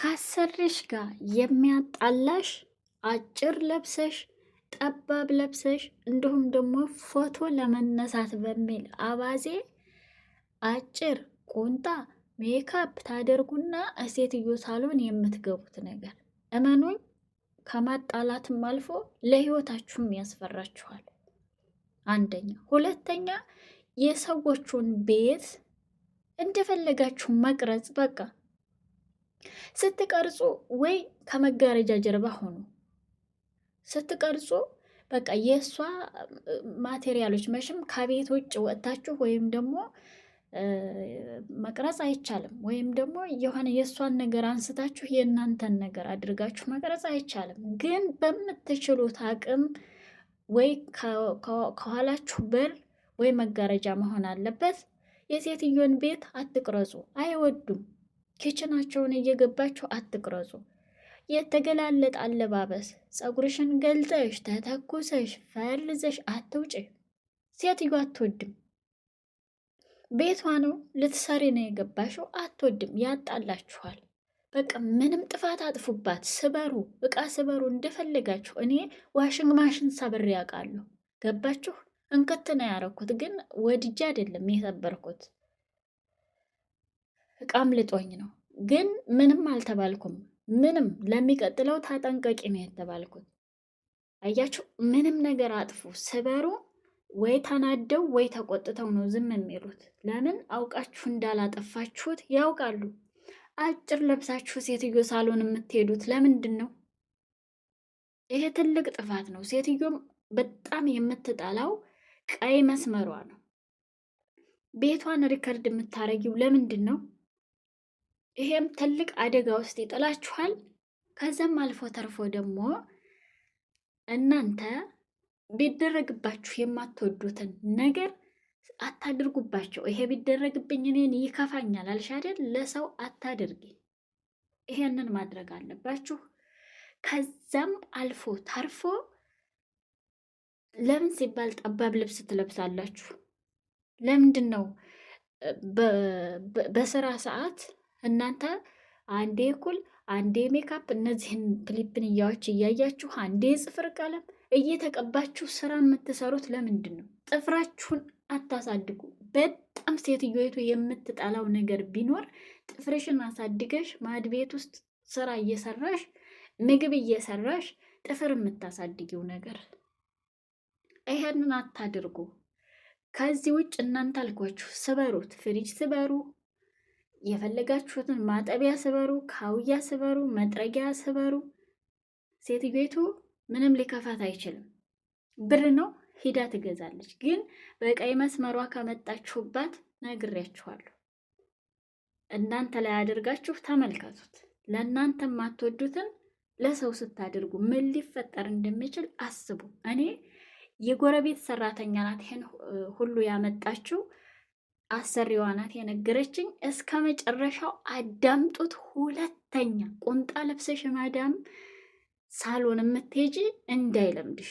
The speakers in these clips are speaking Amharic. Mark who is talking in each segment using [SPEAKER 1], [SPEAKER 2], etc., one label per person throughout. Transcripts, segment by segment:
[SPEAKER 1] ካሰሪሽ ጋር የሚያጣላሽ አጭር ለብሰሽ ጠባብ ለብሰሽ እንዲሁም ደግሞ ፎቶ ለመነሳት በሚል አባዜ አጭር ቁንጣ ሜካፕ ታደርጉና እሴትዮ ሳሎን የምትገቡት ነገር እመኑኝ፣ ከማጣላትም አልፎ ለህይወታችሁም ያስፈራችኋል። አንደኛ። ሁለተኛ የሰዎቹን ቤት እንደፈለጋችሁ መቅረጽ በቃ ስትቀርጹ ወይ ከመጋረጃ ጀርባ ሆኑ ስትቀርጹ በቃ የእሷ ማቴሪያሎች መሽም ከቤት ውጭ ወጥታችሁ ወይም ደግሞ መቅረጽ አይቻልም። ወይም ደግሞ የሆነ የእሷን ነገር አንስታችሁ የእናንተን ነገር አድርጋችሁ መቅረጽ አይቻልም። ግን በምትችሉት አቅም ወይ ከኋላችሁ በር ወይ መጋረጃ መሆን አለበት። የሴትዮን ቤት አትቅረጹ፣ አይወዱም። ኪችናቸውን እየገባችሁ አትቅረጹ። የተገላለጠ አለባበስ፣ ፀጉርሽን ገልጠሽ ተተኩሰሽ ፈርዘሽ አትውጪ። ሴትዮ አትወድም። ቤቷ ነው ልትሰሪ ነው የገባሽው። አትወድም፣ ያጣላችኋል። በቃ ምንም ጥፋት አጥፉባት። ስበሩ፣ እቃ ስበሩ እንደፈለጋችሁ። እኔ ዋሽንግ ማሽን ሰብሬ ያውቃለሁ። ገባችሁ? እንክት ነው ያረኩት፣ ግን ወድጄ አይደለም የሰበርኩት። እቃም ልጦኝ ነው ግን ምንም አልተባልኩም። ምንም ለሚቀጥለው ታጠንቀቂ ነው የተባልኩት። አያችሁ፣ ምንም ነገር አጥፉ ስበሩ፣ ወይ ተናደው ወይ ተቆጥተው ነው ዝም የሚሉት። ለምን አውቃችሁ እንዳላጠፋችሁት ያውቃሉ። አጭር ለብሳችሁ ሴትዮ ሳሎን የምትሄዱት ለምንድን ነው? ይሄ ትልቅ ጥፋት ነው። ሴትዮም በጣም የምትጠላው ቀይ መስመሯ ነው። ቤቷን ሪከርድ የምታረጊው ለምንድን ነው? ይሄም ትልቅ አደጋ ውስጥ ይጥላችኋል። ከዛም አልፎ ተርፎ ደግሞ እናንተ ቢደረግባችሁ የማትወዱትን ነገር አታድርጉባቸው። ይሄ ቢደረግብኝ እኔን ይከፋኛል አልሽ አይደል? ለሰው አታድርጊ። ይሄንን ማድረግ አለባችሁ። ከዛም አልፎ ተርፎ ለምን ሲባል ጠባብ ልብስ ትለብሳላችሁ? ለምንድን ነው በስራ ሰዓት እናንተ አንዴ ኩል አንዴ ሜካፕ እነዚህን ፕሊፕንያዎች እያያችሁ አንዴ ጽፍር ቀለም እየተቀባችሁ ስራ የምትሰሩት ለምንድን ነው? ጥፍራችሁን አታሳድጉ። በጣም ሴትዮቱ የምትጠላው ነገር ቢኖር ጥፍርሽን አሳድገሽ ማድ ቤት ውስጥ ስራ እየሰራሽ ምግብ እየሰራሽ ጥፍር የምታሳድጊው ነገር ይሄንን አታድርጉ። ከዚህ ውጭ እናንተ አልኳችሁ ስበሩት፣ ፍሪጅ ስበሩ፣ የፈለጋችሁትን ማጠቢያ ስበሩ፣ ካውያ ስበሩ፣ መጥረጊያ ስበሩ። ሴትዮቱ ምንም ሊከፋት አይችልም። ብር ነው ሂዳ ትገዛለች። ግን በቀይ መስመሯ ከመጣችሁባት ነግሬያችኋለሁ። እናንተ ላይ አድርጋችሁ ተመልከቱት። ለእናንተ የማትወዱትን ለሰው ስታደርጉ ምን ሊፈጠር እንደሚችል አስቡ። እኔ የጎረቤት ሰራተኛ ናት ይሄን ሁሉ ያመጣችው አሰሪዋ ናት የነገረችኝ። እስከ መጨረሻው አዳምጡት። ሁለተኛ ቁምጣ ለብሰሽ ማዳም ሳሎን የምትሄጂ እንዳይለምድሽ።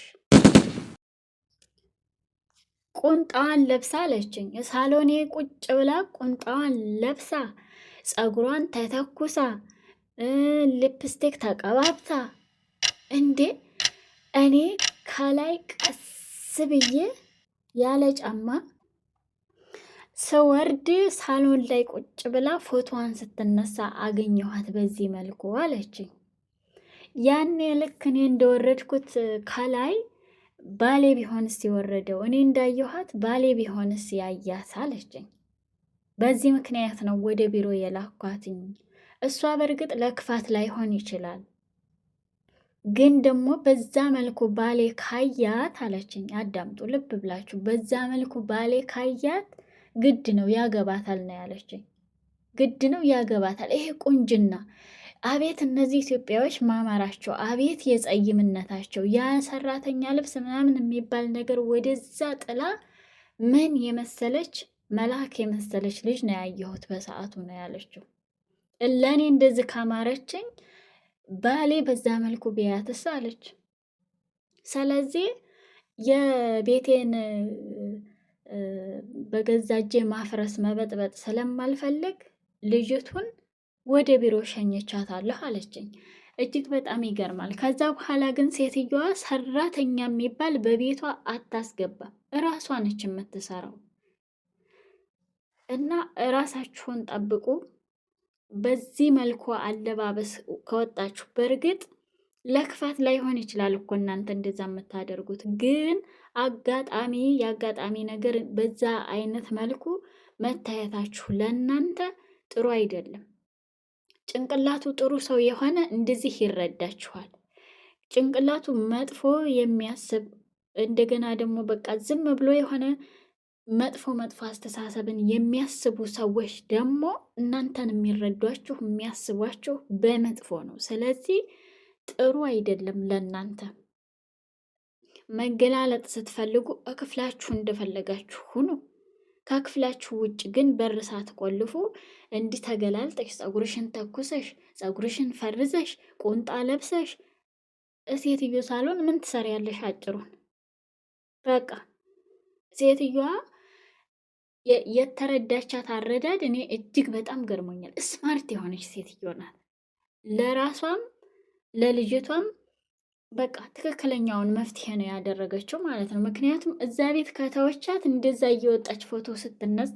[SPEAKER 1] ቁንጣዋን ለብሳ አለችኝ። ሳሎኔ ቁጭ ብላ ቁንጣዋን ለብሳ ፀጉሯን ተተኩሳ ሊፕስቲክ ተቀባብታ፣ እንዴ እኔ ከላይ ቀስ ብዬ ያለ ጫማ ስወርድ ሳሎን ላይ ቁጭ ብላ ፎቶዋን ስትነሳ አገኘኋት በዚህ መልኩ አለችኝ። ያኔ ልክ እኔ እንደወረድኩት ከላይ ባሌ ቢሆንስ የወረደው እኔ እንዳየኋት ባሌ ቢሆንስ ያያት አለችኝ። በዚህ ምክንያት ነው ወደ ቢሮ የላኳትኝ። እሷ በእርግጥ ለክፋት ላይሆን ይችላል፣ ግን ደግሞ በዛ መልኩ ባሌ ካያት አለችኝ። አዳምጡ፣ ልብ ብላችሁ። በዛ መልኩ ባሌ ካያት ግድ ነው ያገባታል ነው ያለችኝ። ግድ ነው ያገባታል። ይሄ ቁንጅና አቤት! እነዚህ ኢትዮጵያዎች ማማራቸው አቤት! የጸይምነታቸው ያ ሰራተኛ ልብስ ምናምን የሚባል ነገር ወደዛ ጥላ ምን የመሰለች መልአክ የመሰለች ልጅ ነው ያየሁት በሰዓቱ ነው ያለችው። ለእኔ እንደዚህ ካማረችኝ ባሌ በዛ መልኩ ቢያትስ አለች። ስለዚህ የቤቴን በገዛ እጄ ማፍረስ መበጥበጥ ስለማልፈልግ ልጅቱን ወደ ቢሮ ሸኝቻታለሁ አለችኝ። እጅግ በጣም ይገርማል። ከዛ በኋላ ግን ሴትዮዋ ሰራተኛ የሚባል በቤቷ አታስገባም፣ እራሷ ነች የምትሰራው። እና እራሳችሁን ጠብቁ። በዚህ መልኩ አለባበስ ከወጣችሁ በእርግጥ ለክፋት ላይሆን ይችላል እኮ እናንተ እንደዛ የምታደርጉት ግን አጋጣሚ የአጋጣሚ ነገር በዛ አይነት መልኩ መታየታችሁ ለእናንተ ጥሩ አይደለም። ጭንቅላቱ ጥሩ ሰው የሆነ እንደዚህ ይረዳችኋል። ጭንቅላቱ መጥፎ የሚያስብ እንደገና ደግሞ በቃ ዝም ብሎ የሆነ መጥፎ መጥፎ አስተሳሰብን የሚያስቡ ሰዎች ደግሞ እናንተን የሚረዷችሁ የሚያስቧችሁ በመጥፎ ነው። ስለዚህ ጥሩ አይደለም ለእናንተ። መገላለጥ ስትፈልጉ ክፍላችሁ እንደፈለጋችሁ ሁኑ። ከክፍላችሁ ውጭ ግን በር ሳትቆልፉ እንዲህ ተገላልጠሽ ፀጉርሽን ተኩሰሽ ፀጉርሽን ፈርዘሽ ቁንጣ ለብሰሽ ሴትዮ ሳሎን ምን ትሰሪያለሽ? አጭሩን በቃ ሴትዮዋ የተረዳቻት አረዳድ እኔ እጅግ በጣም ገርሞኛል። ስማርት የሆነች ሴትዮ ናት። ለራሷም ለልጅቷም በቃ ትክክለኛውን መፍትሄ ነው ያደረገችው ማለት ነው። ምክንያቱም እዛ ቤት ከተወቻት እንደዛ እየወጣች ፎቶ ስትነሳ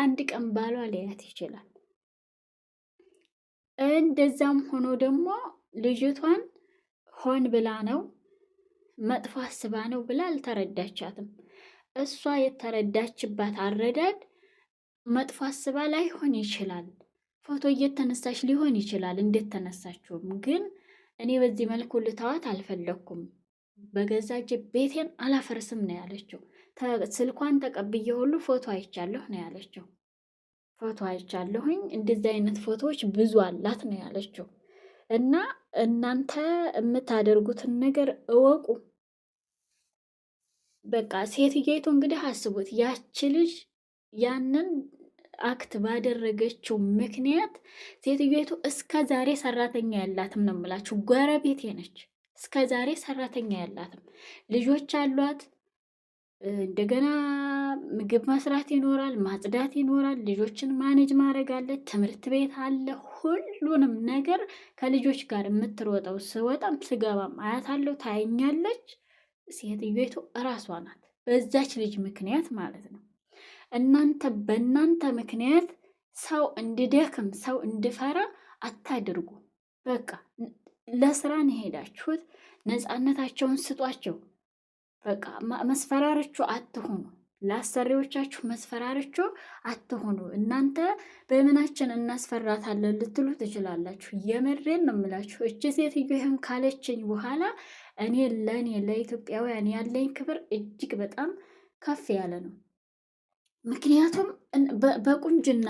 [SPEAKER 1] አንድ ቀን ባሏ ሊያያት ይችላል። እንደዛም ሆኖ ደግሞ ልጅቷን ሆን ብላ ነው መጥፎ አስባ ነው ብላ አልተረዳቻትም። እሷ የተረዳችባት አረዳድ መጥፎ አስባ ላይሆን ይችላል። ፎቶ እየተነሳች ሊሆን ይችላል እንደተነሳችውም ግን እኔ በዚህ መልኩ ልተዋት አልፈለግኩም፣ በገዛ እጄ ቤቴን አላፈርስም ነው ያለችው። ስልኳን ተቀብዬ ሁሉ ፎቶ አይቻለሁ ነው ያለችው። ፎቶ አይቻለሁኝ፣ እንደዚህ አይነት ፎቶዎች ብዙ አላት ነው ያለችው። እና እናንተ የምታደርጉትን ነገር እወቁ። በቃ ሴትየቱ እንግዲህ አስቡት፣ ያቺ ልጅ ያንን አክት ባደረገችው ምክንያት ሴትዮቱ እስከ ዛሬ ሰራተኛ ያላትም ነው የምላችሁ። ጎረቤቴ ነች። እስከ ዛሬ ሰራተኛ ያላትም ልጆች አሏት። እንደገና ምግብ መስራት ይኖራል፣ ማጽዳት ይኖራል፣ ልጆችን ማኔጅ ማድረግ አለ፣ ትምህርት ቤት አለ። ሁሉንም ነገር ከልጆች ጋር የምትሮጠው ስወጣም ስገባም አያታለሁ፣ ታየኛለች። ሴትዮቱ እራሷ ናት፣ በዛች ልጅ ምክንያት ማለት ነው። እናንተ በእናንተ ምክንያት ሰው እንዲደክም ሰው እንዲፈራ አታድርጉ። በቃ ለስራ ነው የሄዳችሁት፣ ነፃነታቸውን ስጧቸው። በቃ መስፈራርቹ አትሆኑ። ለአሰሪዎቻችሁ መስፈራርቹ አትሆኑ። እናንተ በምናችን እናስፈራታለን ልትሉ ትችላላችሁ። የምሬን ነው የምላችሁ። እች ሴትዮ ይህን ካለችኝ በኋላ እኔ ለእኔ ለኢትዮጵያውያን ያለኝ ክብር እጅግ በጣም ከፍ ያለ ነው። ምክንያቱም በቁንጅና